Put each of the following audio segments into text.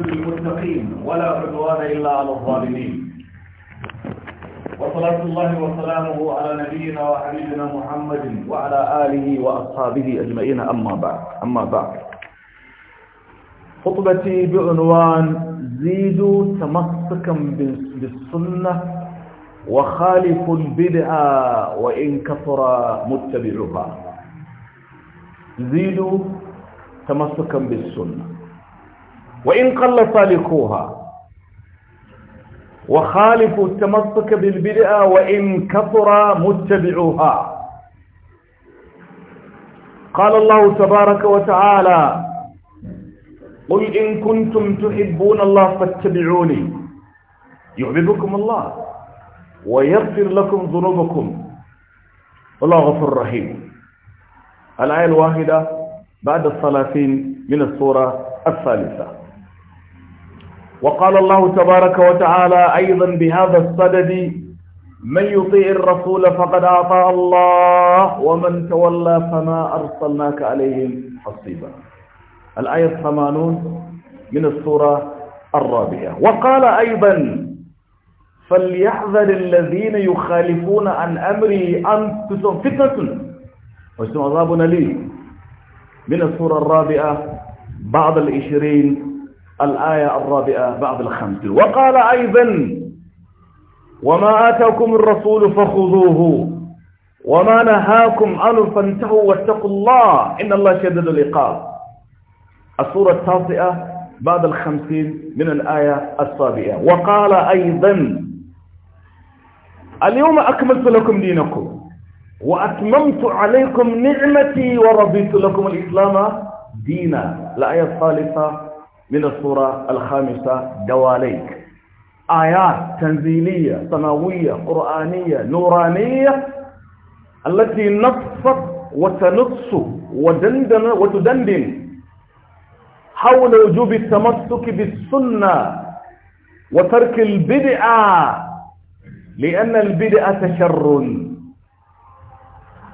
للمتقين ولا عدوان إلا على الظالمين وصلاة الله وسلامه على نبينا وحبيبنا محمد وعلى آله وأصحابه أجمعين أما بعد أما بعد خطبتي بعنوان زيدوا تمسكا بالسنة وخالفوا البدعة وإن كثر متبعها زيدوا تمسكا بالسنة وإن قل سالكوها وخالفوا التمسك بالبدعة وإن كثر متبعوها قال الله تبارك وتعالى قل إن كنتم تحبون الله فاتبعوني يحببكم الله ويغفر لكم ذنوبكم والله غفور رحيم الآية الواحدة بعد الثلاثين من السورة الثالثة وقال الله تبارك وتعالى أيضا بهذا الصدد من يطيع الرسول فقد أعطى الله ومن تولى فما أرسلناك عليهم حصيبا الآية الثمانون من السورة الرابعة وقال أيضا فليحذر الذين يخالفون عن أمره أن تسوم فتنة واسم عذاب لي من السورة الرابعة بعد العشرين الآية الرابعة بعد الخمس وقال أيضا وما آتاكم الرسول فخذوه وما نهاكم عنه فانتهوا واتقوا الله إن الله شدد العقاب السورة التاسعة بعد الخمسين من الآية السابعة وقال أيضا اليوم أكملت لكم دينكم وأتممت عليكم نعمتي ورضيت لكم الإسلام دينا الآية الثالثة من الصورة الخامسة دواليك آيات تنزيلية سماوية قرآنية نورانية التي نصت وتنص ودندن وتدندن حول وجوب التمسك بالسنة وترك البدعة لأن البدعة شر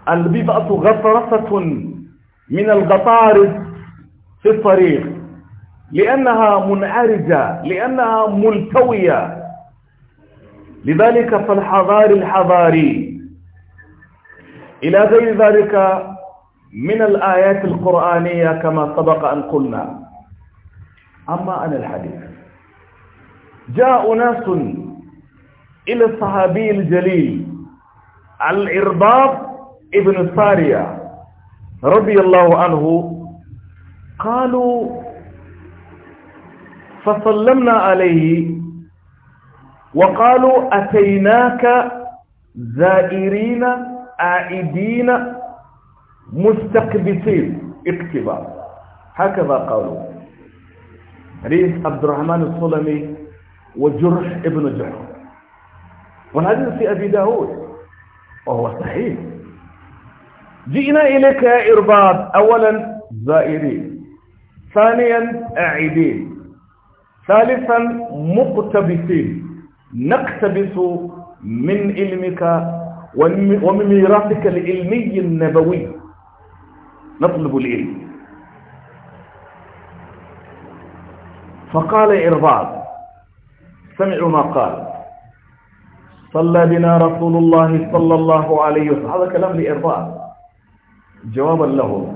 البدعة غطرسة من الغطارس في الطريق لأنها منعرجة لأنها ملتوية لذلك فالحضار الحضاري إلى غير ذلك من الآيات القرآنية كما سبق أن قلنا أما أنا الحديث جاء ناس إلى الصحابي الجليل الإرباب ابن سارية رضي الله عنه قالوا فسلمنا عليه وقالوا أتيناك زائرين عائدين مستقبسين اكتبا هكذا قالوا ريس عبد الرحمن السلمي وجرح ابن جرح والحديث في أبي داود وهو صحيح جئنا إليك يا إرباب أولا زائرين ثانيا أعيدين ثالثا مقتبسين نقتبس من علمك ومن ميراثك العلمي النبوي نطلب العلم فقال إرباض سمعوا ما قال صلى بنا رسول الله صلى الله عليه وسلم هذا كلام لإرباض جوابا له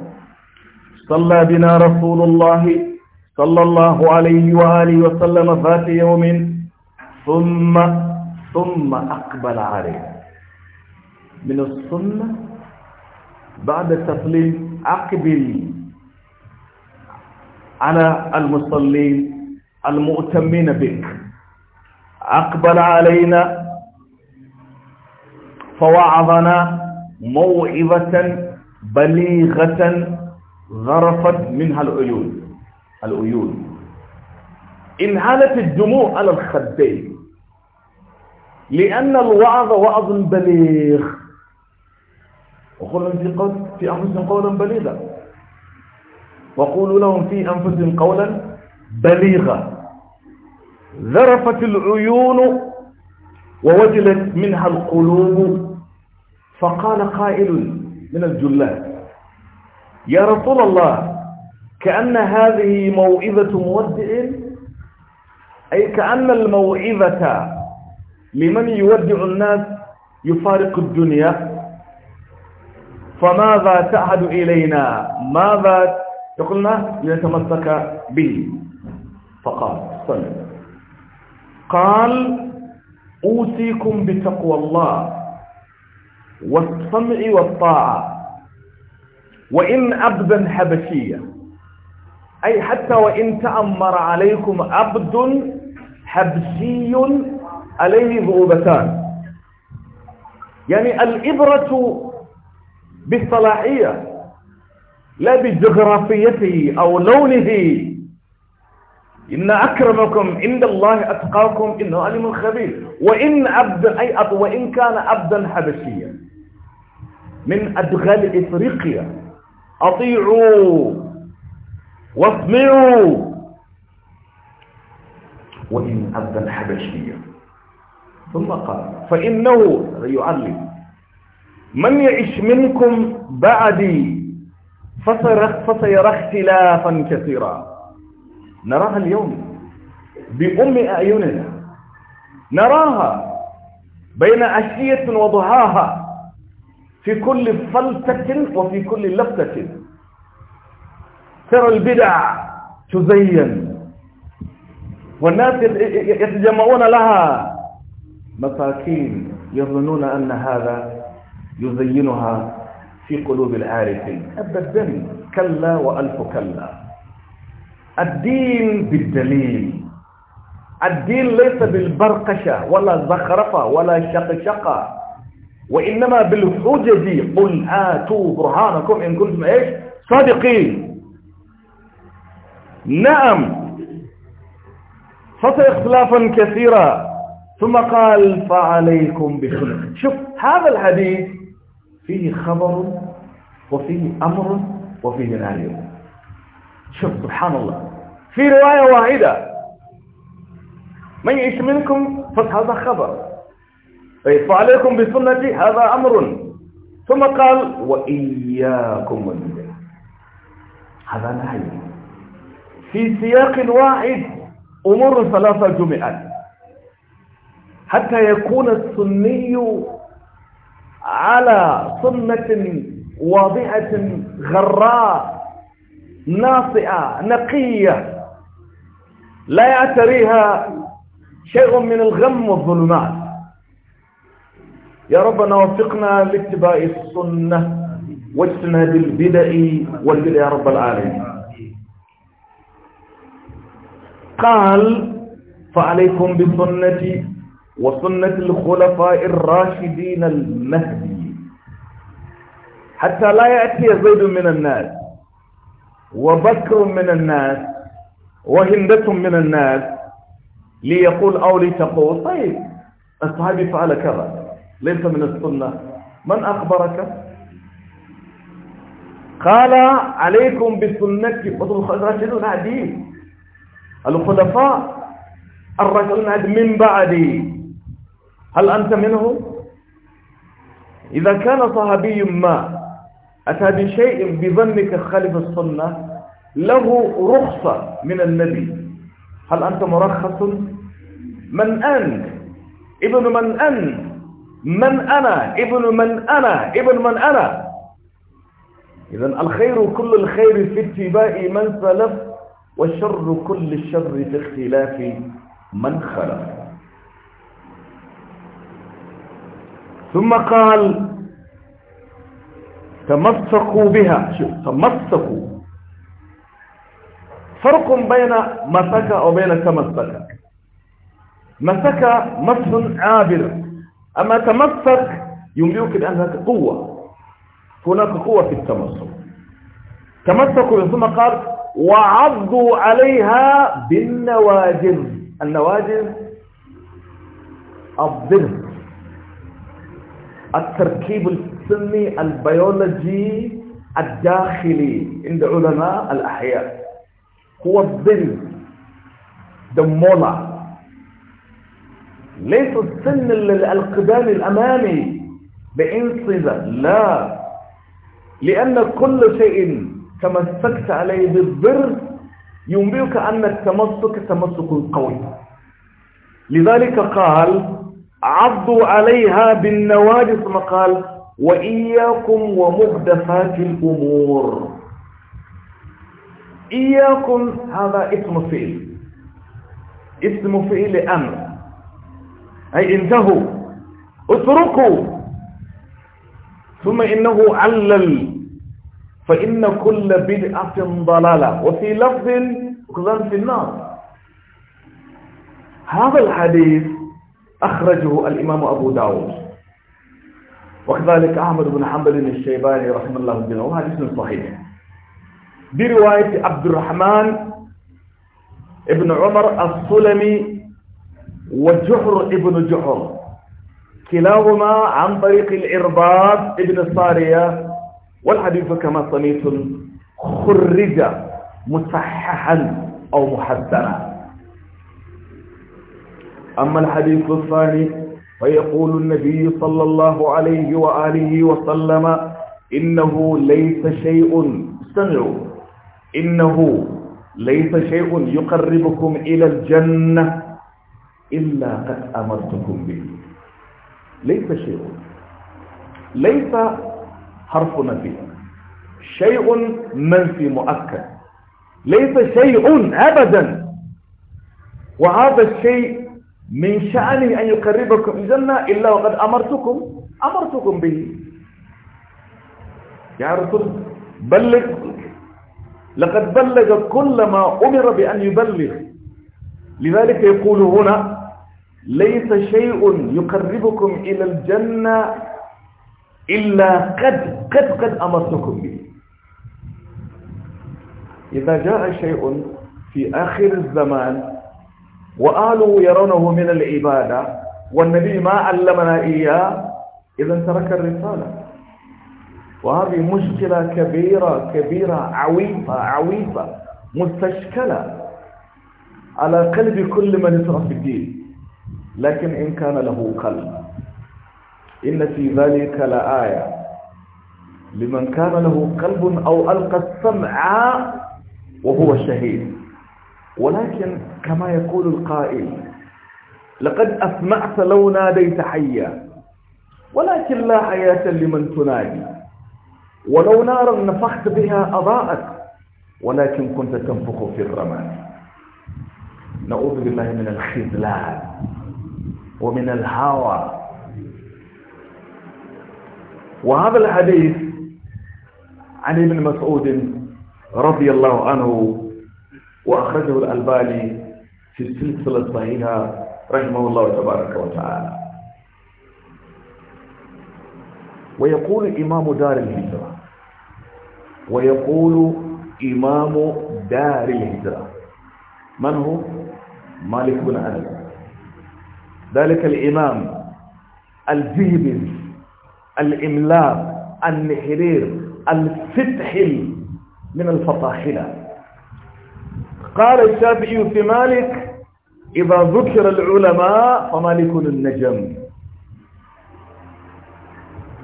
صلى بنا رسول الله صلى الله عليه وآله وسلم ذات يوم ثم ثم أقبل عليه من السنة بعد التسليم أقبل على المصلين المؤتمين بك أقبل علينا فوعظنا موعظة بليغة غرفت منها العيون العيون انهالت الدموع على الخدين لأن الوعظ وعظ بليغ وقولهم في, قول في أنفسهم قولا بليغا وقولوا لهم في أنفسهم قولا بليغا ذرفت العيون ووجلت منها القلوب فقال قائل من الجلاد يا رسول الله كأن هذه موعظة مودع أي كأن الموعظة لمن يودع الناس يفارق الدنيا فماذا تعهد إلينا ماذا يقولنا لنتمسك به فقال صلى قال أوصيكم بتقوى الله والسمع والطاعة وإن عبدا حبشيا أي حتى وإن تأمر عليكم عبد حبسي عليه ذؤوبتان يعني الإبرة بالصلاحية لا بجغرافيته أو لونه إن أكرمكم عند الله أتقاكم إنه علم خبير وإن عبد أي أب وإن كان عبدا حبشيا من أدغال إفريقيا أطيعوا واسمعوا وإن أذن الحبشية ثم قال فإنه يعلم من يعش منكم بعدي فسيرى اختلافا كثيرا نراها اليوم بأم أعيننا نراها بين عشية وضحاها في كل فلتة وفي كل لفتة ترى البدع تزين والناس يتجمعون لها مساكين يظنون أن هذا يزينها في قلوب العارفين أبدا كلا وألف كلا الدين بالدليل الدين ليس بالبرقشة ولا زخرفة ولا شقشقة وإنما بالحجج قل آتوا برهانكم إن كنتم إيش صادقين نعم فصل اختلافا كثيرا ثم قال فعليكم بخلق شوف هذا الحديث فيه خبر وفيه أمر وفيه نهي شوف سبحان الله في رواية واحدة من يعيش منكم فهذا خبر فعليكم بسنتي هذا أمر ثم قال وإياكم والبدع هذا نهي في سياق واحد أمر ثلاثة جمعات حتى يكون السني على سنة واضحة غراء ناصئة نقية لا يعتريها شيء من الغم والظلمات يا ربنا وفقنا لاتباع السنة واجتناب البدع والبدع يا رب العالمين قال فعليكم بسنتي وسنة الخلفاء الراشدين المهدي حتى لا يأتي زيد من الناس وبكر من الناس وهندة من الناس ليقول أو لتقول طيب أصحابي فعل كذا ليس من السنة من أخبرك قال عليكم بسنتي وسنة الخلفاء الراشدين هذه الخلفاء الرجل من بعدي هل أنت منهم إذا كان صحابي ما أتى بشيء بظنك خالف السنة له رخصة من النبي هل أنت مرخص من أنت ابن من أنت من أنا ابن من أنا ابن من أنا إذا الخير كل الخير في اتباع من سلف وشر كل الشر في اختلاف من خلق ثم قال تمسكوا بها شوف تمسكوا فرق بين مسك وبين تمسك مسك مسح عابر أما تمسك يمليك الآن هناك قوة هناك قوة في التمسك تمسكوا ثم قال وعضوا عليها بالنواجذ النواجذ الضرب التركيب السمي البيولوجي الداخلي عند علماء الأحياء هو الضرب دمولا ليس السن القدام الأمامي بإنصبة لا لأن كل شيء تمسكت عليه بالضر ينبئك أن التمسك تمسك قوي لذلك قال عضوا عليها بالنواجس ما قال وإياكم ومحدثات الأمور إياكم هذا اسم فعل اسم فعل أمر أي انتهوا اتركوا ثم إنه علل فإن كل بدعة ضلالة وفي لفظ وكذلك في النار هذا الحديث أخرجه الإمام أبو داود وكذلك أحمد بن حنبل الشيباني رحمه الله جل وعلا حديث صحيح برواية عبد الرحمن ابن عمر السلمي وجحر ابن جحر كلاهما عن طريق الإرباط ابن الصارية والحديث كما سميتم خرج مصححا أو محسنا أما الحديث الثاني فيقول النبي صلى الله عليه وآله وسلم إنه ليس شيء استمعوا إنه ليس شيء يقربكم إلى الجنة إلا قد أمرتكم به ليس شيء ليس حرف نفي شيء منفي مؤكد ليس شيء أبدا وهذا الشيء من شأنه أن يقربكم الجنة إلا وقد أمرتكم أمرتكم به يا رسول بلغ لقد بلغ كل ما أمر بأن يبلغ لذلك يقول هنا ليس شيء يقربكم إلى الجنة إلا قد قد قد أمرتكم به إذا جاء شيء في آخر الزمان وآله يرونه من العبادة والنبي ما علمنا إياه إذا ترك الرسالة وهذه مشكلة كبيرة كبيرة عويفة عويفة مستشكلة على قلب كل من يترك الدين لكن إن كان له قلب إن في ذلك لآية لمن كان له قلب أو ألقى السمع وهو شهيد ولكن كما يقول القائل لقد أسمعت لو ناديت حيا ولكن لا حياة لمن تنادي ولو نارا نفخت بها أضاءت ولكن كنت تنفخ في الرماد نعوذ بالله من الخذلان ومن الهوى وهذا الحديث عن ابن مسعود رضي الله عنه وأخرجه الألباني في السلسلة الصحيحة رحمه الله تبارك وتعالى ويقول إمام دار الهجرة ويقول إمام دار الهجرة من هو؟ مالك بن علي ذلك الإمام الذهبي الإملاء النهرير الفتحل من الفطاحلة قال الشافعي في مالك إذا ذكر العلماء فمالك النجم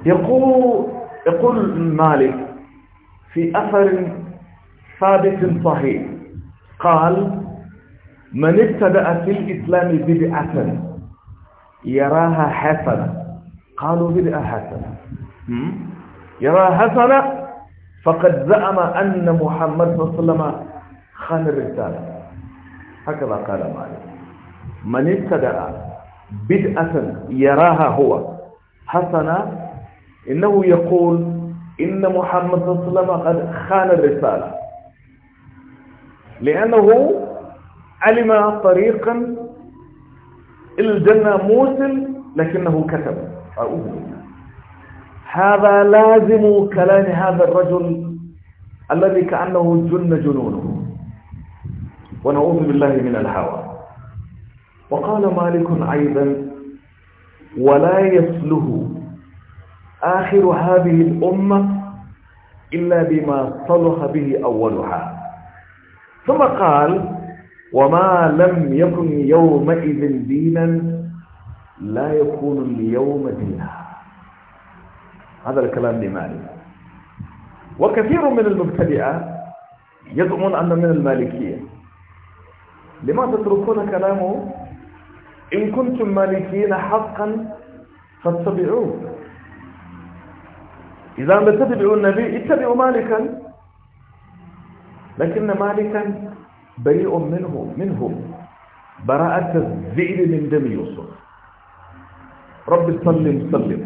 يقول يقول مالك في أثر ثابت صحيح قال من ابتدأ في الإسلام بدعة يراها حسنة قالوا بدعة حسنة يرى حسنة فقد زعم أن محمد صلى الله عليه وسلم خان الرسالة هكذا قال مالك من ابتدع بدعة يراها هو حسنة إنه يقول إن محمد صلى الله عليه وسلم قد خان الرسالة لأنه علم طريقا إلى الجنة موسل لكنه كتبه أعوذ بالله هذا لازم كلام هذا الرجل الذي كأنه جن جنونه ونعوذ بالله من الهوى وقال مالك أيضا ولا يسله آخر هذه الأمة إلا بما صلح به أولها ثم قال وما لم يكن يومئذ دينا لا يكون اليوم دينا هذا الكلام لمالك وكثير من المبتدئة يزعمون أن من المالكية لماذا تتركون كلامه إن كنتم مالكين حقا فاتبعوه إذا لم تتبعوا النبي اتبعوا مالكا لكن مالكا بريء منه منهم براءة الذئب من دم يوسف رب سلم سلم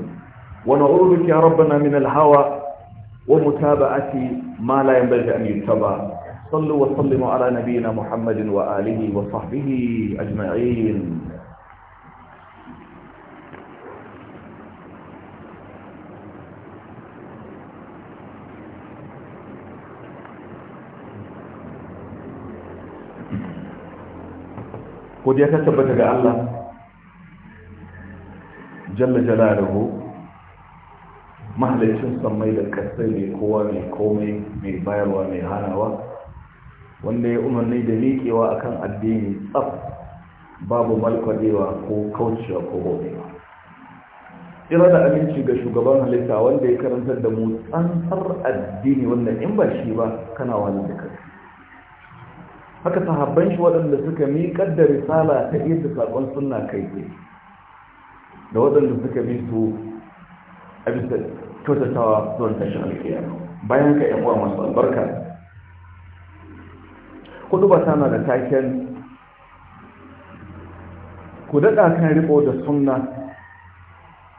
ونعوذ بك يا ربنا من الهوى ومتابعة ما لا ينبغي أن يتبع صلوا وسلموا على نبينا محمد وآله وصحبه أجمعين godiya ta tabbata ga Allah jalla jalaluhu mahalicin samai da kasai mai kowa mai komai mai bayarwa mai hanawa wanda ya umarni da miƙewa akan addini tsaf babu malkwadewa ko kaucewa ko hobewa Ira da aminci ga shugaban halitta wanda ya karanta da mu tsantsar addini wanda in ba shi ba kana wani da kai haka sahabban shi waɗanda suka miƙar da risala ta iya sakon suna kai kai da waɗanda suka bi su a bisa kyautatawa zuwan tashin alkiya bayan ka yan uwa masu albarka kudu ba tana da taken ku daɗa kan riko da sunna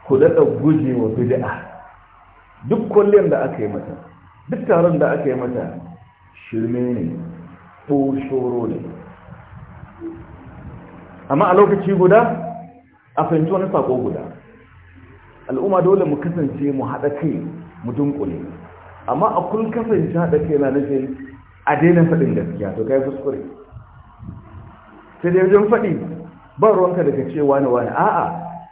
ku daɗa guje wa bidi'a. duk kwallon da aka yi mata duk taron da aka yi mata shirme ne ko shoro ne amma a lokaci guda a fahimci wani sako guda al'umma dole mu kasance mu haɗa kai mu dunkule amma a kun kasance haɗa kai na nufi a daina faɗin gaskiya to kai kuskure sai dai wajen faɗi ban ruwanka daga cewa wani wani a'a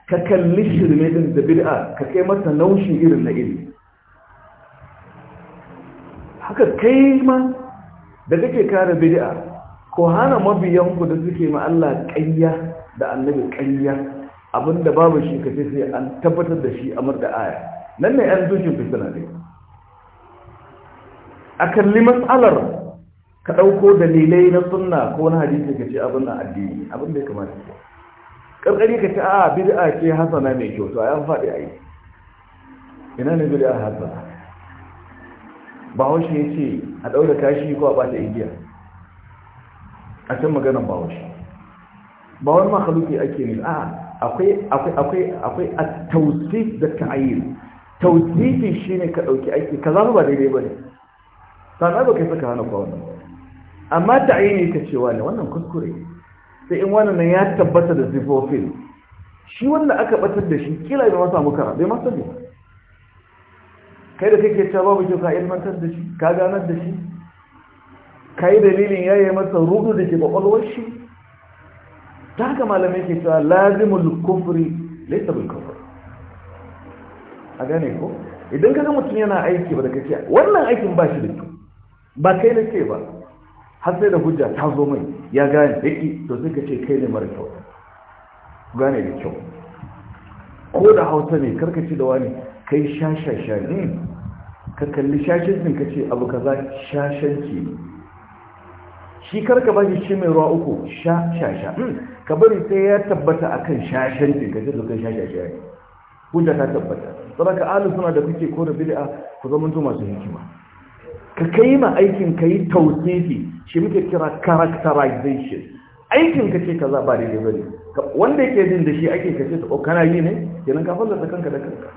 ka kalli shirme din da bid'a ka kai masa naushi irin na iri haka kai ma da kake kare bid'a ko hana mabiyanku da suke ma Allah ƙayya da annabi ƙayya abinda babu shi ka sai an tabbatar da shi amur da aya nan ne yan zuciyar fitina ne a kalli matsalar ka ɗauko dalilai na sunna ko na hadisi ka ce abin addini abin da ya kamata ce ƙarƙari ka ce a bid'a ce hasana mai kyau to a yan faɗi a yi ina ne bid'a hasana bahaushe ya ce a ɗaura kashi ko a ɓata igiya a can maganan bahaushe ba wani makaluki ake ne a akwai akwai akwai akwai a tausif da ta'ayyir tausifin shine ka dauki aiki kaza ba daidai bane sanar ba kai saka hana kwa wannan amma ta'ayyini ka cewa ne wannan kuskure sai in wannan ya tabbata da zifofin shi wanda aka batar da shi kila bai masa muka bai masa ne kai da kake cewa babu kyau ka ilmantar da shi ka ganar da shi kai dalilin yayi masa rudu da ke kwakwalwar shi ta haka malamai ke cewa lazimul kufri laysa bil kufr a gane ko idan kaga mutum yana aiki ba da kake wannan aikin ba shi da kyau ba kai ne ke ba har sai da hujja ta zo mai ya gane yake to sai ka ce kai ne mara kyau gane da kyau ko da hausa ne karkace da wani kai sha ne ka kalli shashin ɗin ka ce abu kaza shashanci ne shi karka ba shi shi mai ruwa uku sha sha sha hmm. ka bari sai ya tabbata akan sha sharfi ka ce zukan sha sha sha hujja ta tabbata saboda alu suna da kuke ko da bid'a ku zama to masu hikima ka kai ma aikin ka yi tausifi shi muke kira characterization aikin ka ce kaza ba daidai bane wanda yake jin da shi ake ka ce ta oh, kana yi ne kenan ka fallasa kanka da kanka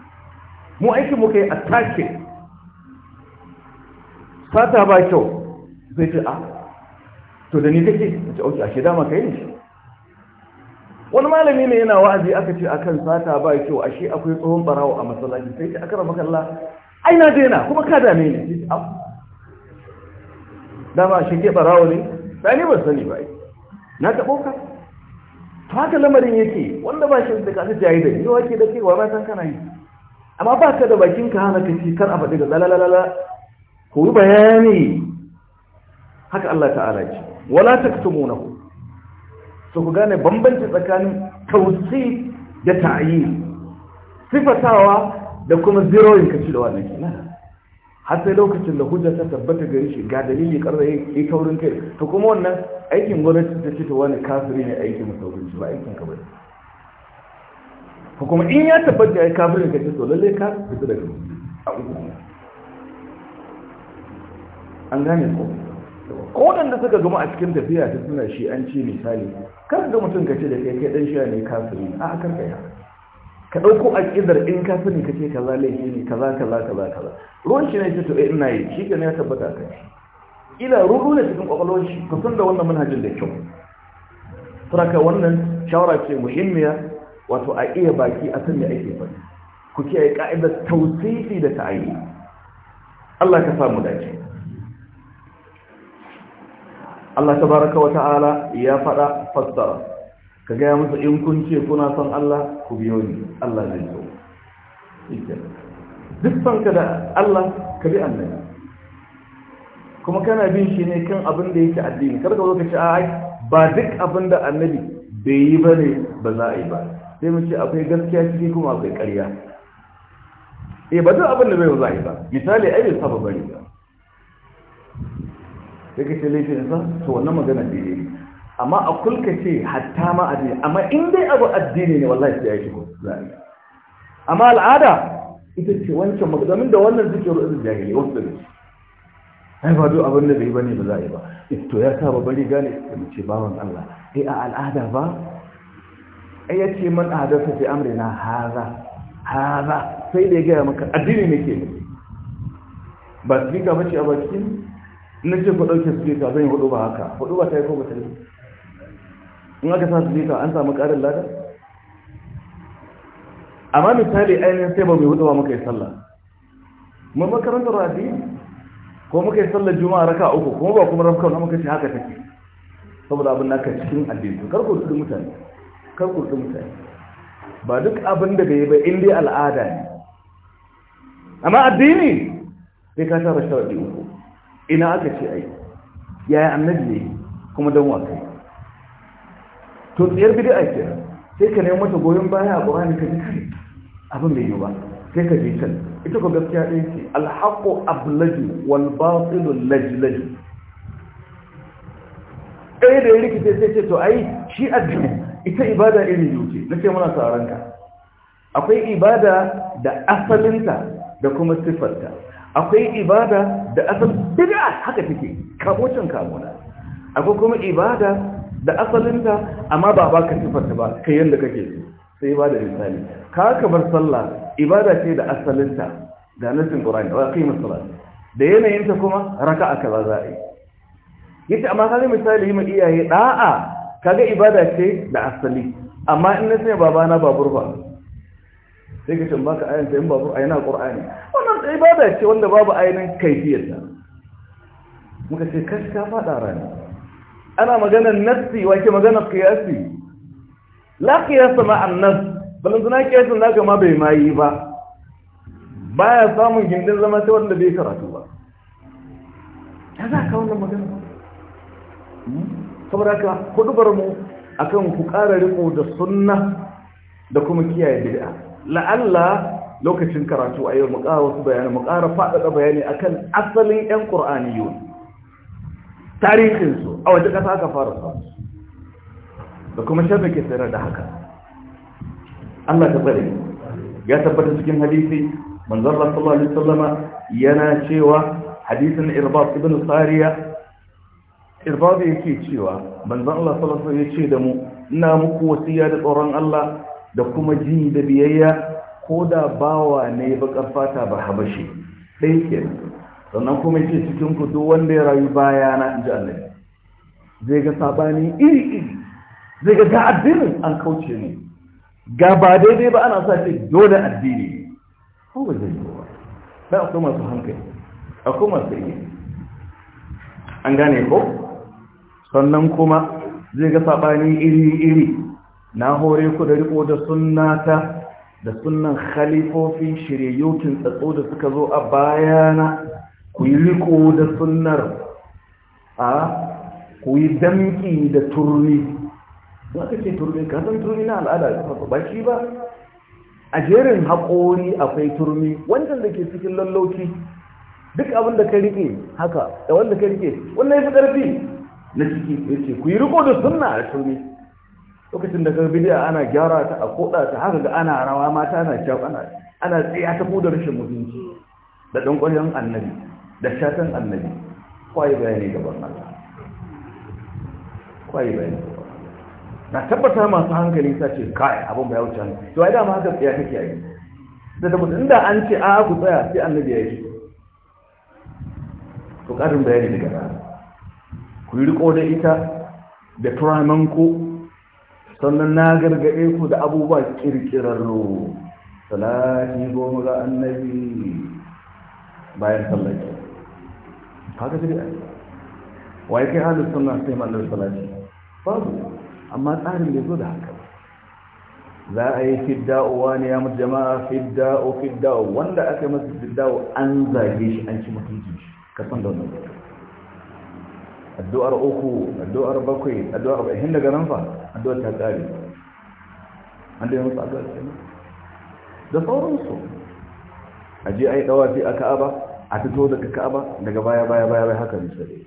mu aikin mu kai attacking sata ba kyau zai ce a ah, to da ni kake ta auki ashe dama kai ne wani malami ne yana wa'azi aka ce akan sata ba kyau ashe akwai tsohon barawo a masallaci sai ta akara maka Allah ai na daina kuma ka dame ni dama shi ke barawo ne sai ni ban sani ba na ta ka to haka lamarin yake wanda ba shi da kasu jayi da yawa ke da ke ba san kana yi amma ba ka da bakin ka hana kaci kar a faɗi da lalalala ko bayani haka Allah ta'ala ce wala taktumunahu so ku gane bambanci tsakanin tausi da ta'ayi sifatawa da kuma zirowin ka da wannan kenan har sai lokacin da hujja ta tabbata gari shi ga dalili karza yi taurin kai to kuma wannan aikin gwamnati ta ce ta wani kafiri ne aikin masaurinci ba aikin ka bane ko kuma in ya tabbata ya kafiri ka kace to lalle ka fita daga a uku an gane ko ko waɗanda suka gama a cikin tafiya ta suna shi an ce misali kar ga mutum ka ce da kai kai dan shi ne kafiri a kar ka ka ɗauko aƙidar in ka sani kaza laifi ne kaza kaza kaza kaza ruwan shi ne ce to eh, ina yi shi ne ya tabbata ka ila ruɗu ne cikin kokolon shi ku san da wannan manhajin da kyau saraka wannan shawara ce muhimmiya wato a iya baki a san me ake faɗi ku kiyaye ka'idar tausifi da ta'ayi Allah ka samu dace Allah baraka wa ta'ala ya faɗa fassara ka gaya musu in kun ce kuna son Allah ku biyo ni Allah zai so duk son ka da Allah ka bi annabi kuma kana bin shi ne kan abin da yake addini kar ka zo ka ce ai ba duk abin da annabi bai yi ba ne ba za a yi ba sai mu ce akwai gaskiya ciki kuma akwai ƙarya eh ba duk abin da bai za a yi ba misali ai bai saba bari ba ya kace laifinsa to wannan magana da yi amma a kulka ce hatta ma addini amma in dai abu addini ne wallahi sai ya shigo amma al'ada ita ce wancan magdamin da wannan zuke ru'u jahili wasu ne ai ba duk abin da bai bane ba za a yi ba eh, to ya sa ba bari gane mu ce bawan Allah eh a al'ada ba ai ya ce man ahadatha fi amrina haza haza sai da ya ga maka addini ne ke ba su tsika ce a bakin na ce ku ɗauke su jika zan yi hudu ba haka hudu ba ta yi ko ba ta yi in aka sa su jika an samu ƙarin lada amma misali ainihin sai ba mai hudu ba muka yi sallah mun makarantar rafi ko muka yi sallah juma'a raka uku kuma ba kuma rafka muka ce haka take saboda abin naka cikin addini kar ku rufe mutane kar ku rufe mutane ba duk abin da bai ba in dai al'ada ne amma addini sai ka tara sharadi uku ina aka ce ai yaya annabi ne kuma don waka to tsayar a ke sai ka nemi mata goyon baya a qur'ani ka kai abin bai yi ba sai ka je can ita ko gaskiya ɗaya ce alhaqu ablaju wal batilu lajlaju ɗaya da ya rikice sai ce to ai shi addini ita ibada irin yuce na ce muna sauranka akwai ibada da asalinta da kuma siffarta akwai ibada da asalin bid'a haka take kamocin kamuna akwai kuma ibada da asalinta amma ba ba ka sifarta ba kai yanda kake so sai ibada da misali ka bar sallah ibada ce da asalinta ga nasin qur'ani wa qimus salat da ta kuma raka'a kaza za'i yace amma kaga misali mai iyaye da'a kaga ibada ce da asali amma in na sai babana babur ba sai ka can baka ayanta in babu ayana qur'ani wannan ibada ce wanda babu ayanin kaifiyarta muka ce kashi ka fada rani ana maganar nassi wace maganar qiyasi la qiyasa ma annas balan zuna qiyasin zaka ma bai yi ba baya samun gindin zama sai wanda bai karatu ba ya za ka wannan magana hmm? saboda ka kudubar mu akan ku ƙara riko da sunna da kuma kiyaye bid'a la'alla lokacin karatu a yau mu ƙara wasu bayanai mu ƙara faɗaɗa bayani akan asalin 'yan ƙur'aniyun tarihinsu a wajen ƙasa aka fara sa da kuma shan ke tsere da haka Allah ta tsare ya tabbata cikin hadisi manzon Allah sallallahu alaihi sallama yana cewa hadisin Irbab ibn Sariya Irbab yake cewa manzon Allah sallallahu alaihi ya ce da mu ina muku wasiya da tsoron Allah da kuma jini da biyayya ko da bawa ne ba fata ba habashi ɗaya ke sannan kuma ce cikin ku duk wanda ya rayu baya na in ji annabi zai ga sabani iri iri zai ga ga addinin an kauce ne ga ba daidai ba ana sa ce dole addini ko ba zai yi ba a kuma su hankali a kuma su yi an gane ko sannan kuma zai ga sabani iri iri na hore ku da riko da sunnata da sunnan khalifofin shiryayyukin tsatso da suka zo a bayana ku yi riko da sunnar a ku yi damki da turmi za ka ce turmi ka san turmi na al'ada ba shi ba a jerin haƙori akwai turmi wancan da ke cikin lallauki duk abin da ka riƙe haka da wanda ka riƙe wannan ya fi ƙarfi na ciki ya ce ku yi riko da sunna a turmi lokacin da bidiya ana gyara ta a koda ta haka ga ana rawa mata ana kyau ana ana tsaya ta kodar rashin mutunci da dan ƙwaryan annabi da shatan annabi kwai bayani gaban Allah kwai bayani na tabbata masu hankali ta ce kai abin bai wuce ne to ai ma haka tsaya take yi da da mutum da an ce a ku tsaya sai annabi ya yi to karin bayani daga nan ku yi riko da ita da turamanku sannan na gargaɗe ku da abubuwa kirkirarru salati goma ga annabi bayan sallar ki kaga jiri a waye kai halin suna sai mallar salati babu amma tsarin bai zo da haka za a yi fidda'uwa ne ya mutu jama'a fidda'u fidda'u wanda aka yi masu fidda'u an zage shi an ci mutunci shi ka san da wannan addu'ar uku addu'ar bakwai addu'ar arba'in daga nan fa addu'a ta tsari an da ya musu da sauransu a je a yi a ka'aba a fito daga ka'aba daga baya baya baya bai haka misali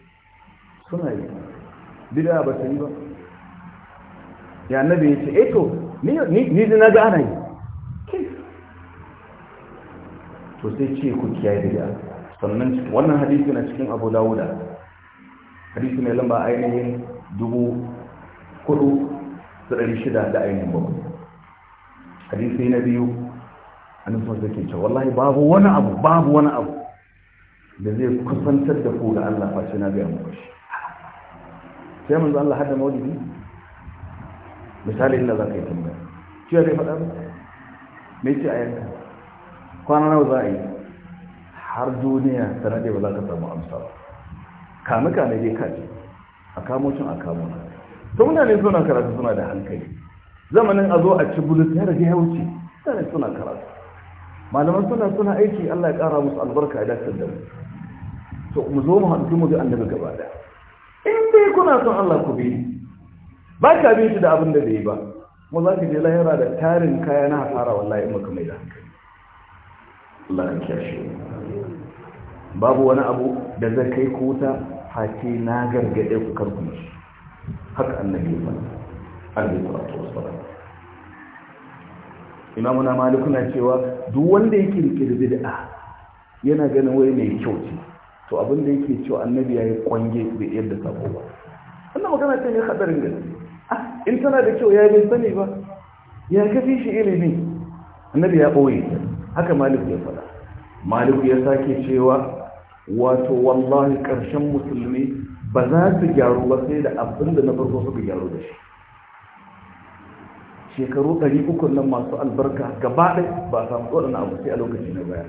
suna yi bida ba ta yi ba ya annabi ya ce eto eh ni zina ga ana yi to sai ce ku kiyaye bid'a sannan wannan hadisi na cikin Abu Dawuda hadisi ne lamba ainihin dubu kudu ta ɗari shida da ainihin bakwai hadisi na biyu an sun zake ce wallahi babu wani abu babu wani abu da zai kusantar da ku da Allah face na biya muku shi sai manzo Allah hada maulidi misali inda za ka yi tambaya shi zai faɗa ba me ce a yanka kwana nawa za a yi har duniya ta ba za ka samu amsa ba kame kame dai kaji a kamo cin a kamo na to mutane suna karatu suna da hankali zamanin a zo a ci bulus ya da ya wuce mutane suna karatu malaman suna suna aiki Allah ya kara musu albarka ya dace da mu to mu zo mu haɗu mu ga annabi gaba da in dai kuna son Allah ku bi ba ka bi shi da abin da bai ba mu za ka je lahira da tarin kaya na hasara wallahi in muka mai da hankali Allah ya kiyaye babu wani abu da zai kai kuta fati na gargade ku karku mishi haka annabi ya faɗa alaihi salatu wassalam imamu na maliku na cewa duk wanda yake rike bid'a yana ganin wai mai kyau ce to abin da yake cewa annabi yayi kwange bai yadda sako ba wannan magana ce ne hadarin gaske ah, in tana da kyau yayi bin sani ba ya kafi shi ilimi annabi ya boye haka maliku ya faɗa maliku ya sake cewa wato wallahi ƙarshen musulmi ba za su gyaru ba sai da abin da na farko suka gyaru da shi shekaru ɗari uku nan masu albarka gaba ɗai ba a samu tsoron abu sai a lokaci na baya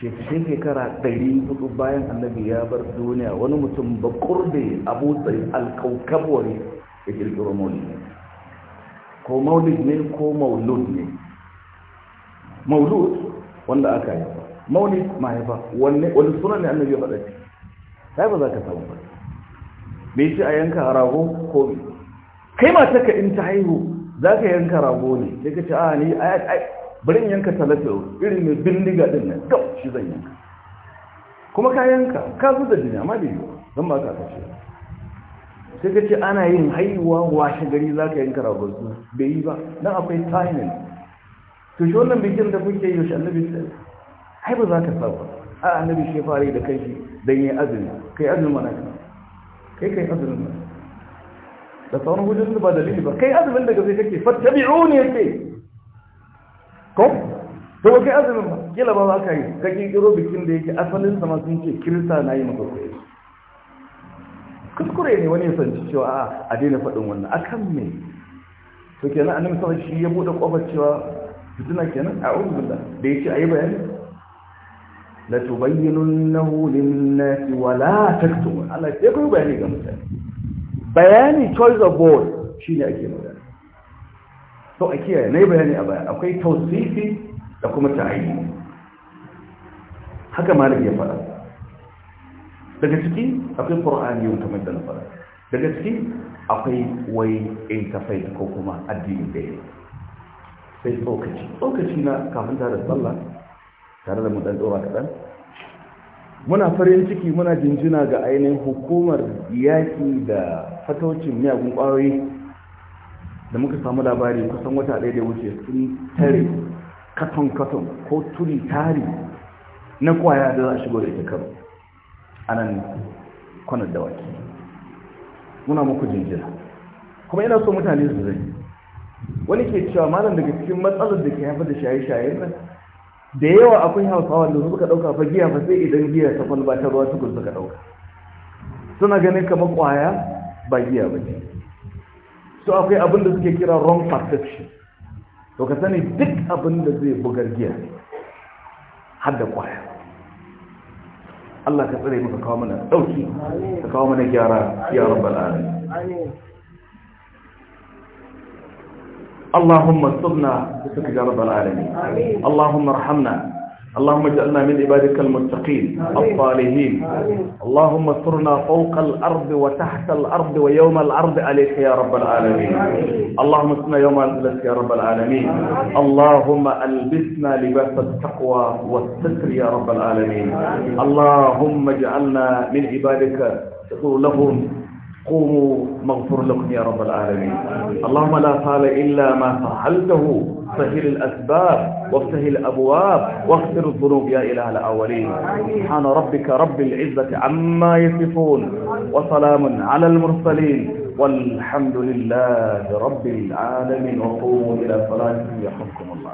Shekarun shekara ɗari hudu bayan annabi ya bar duniya wani mutum ba kurbe abu tsaye alkaukabwari ya kirkiro maulid ne ko maulid ne ko maulud ne maulud wanda aka yi maulid mahaifa wani suna ne annabi ya faɗa ce yi ba za ka samu ba bai ci a yanka rago ko kai mata ka in ta haihu za ka yanka rago ne sai ka ce a ah, ni bari in yanka talatin irin mai bindiga din nan gab shi zan yanka kuma ka yanka ka zu da jini amma bai yi Zan ba ka kashe sai ka ce ana yin haihuwa washe gari za ka yanka rago su bai yi ba nan akwai timing to shi wannan bikin da kuke yi shi annabi sai ai ba za ka sa ba a annabi shi yi da kai shi dan yi azumi kai azumi mana kai kai azumin ba da sauran hujjojin ba dalili ba kai azumin daga sai kake ne yake ko to kai azumin ba kila ba za ka yi ka kirkiro bikin da yake asalin sama sun ce kirista na yi maka koyi kuskure ne wani ya sanci cewa a a daina faɗin wannan akan me to kenan annabi sallallahu alaihi wasallam shi ya bude kofar cewa fitina kenan a'udhu billah da yake ayi bayani latubayyinunnahu lin-nasi wa la taktumun Allah sai ku bayani ga mutane bayani choice of word shine ake magana to a kiyaye nayi bayani a baya akwai tawsifi da kuma ta'ayyi haka malami ya fara daga ciki akwai qur'ani yau kamar da na fara daga ciki akwai way interfaith ko kuma addini da sai tsokaci tsokaci na kafin da sallah tare da mu dan dora kaɗan muna farin ciki muna jinjina ga ainihin hukumar yaƙi da fatocin miyagun ƙwayoyi da muka samu labari kusan wata ɗaya da wuce sun tare katon-katon ko turi tari na ƙwaya da za a shigo da ita karo a kwanar da waki muna muku jinjina kuma ina so mutane su zai wani ke cewa malam daga cikin matsalar da ke haifar da shaye-shaye nan da yawa akwai hausawa da suka ɗauka fa giya fa sai idan giya ta kwalba ta ruwa tukun suka ɗauka suna ganin kamar kwaya ba giya ba ce so akwai abin da suke kira wrong perception to ka sani duk abin da zai bugar giya har da kwaya. Allah ka tsare maka kawo mana ɗauki ka kawo mana gyara ya rabbal alamin اللهم اصبنا بسترك يا رب العالمين اللهم ارحمنا اللهم اجعلنا من عبادك المتقين الصالحين اللهم اصرنا فوق الارض وتحت الارض ويوم الارض عليك يا رب العالمين اللهم اصرنا يوم الارض يا رب العالمين اللهم البسنا لباس التقوى والستر يا رب العالمين اللهم اجعلنا من عبادك تقول لهم قوموا مغفر لكم يا رب العالمين اللهم لا فعل إلا ما فعلته سهل الأسباب وافتح الأبواب واغفر الذنوب يا إله الأولين سبحان ربك رب العزة عما يصفون وسلام على المرسلين والحمد لله رب العالمين وقوموا إلى صلاتكم يحبكم الله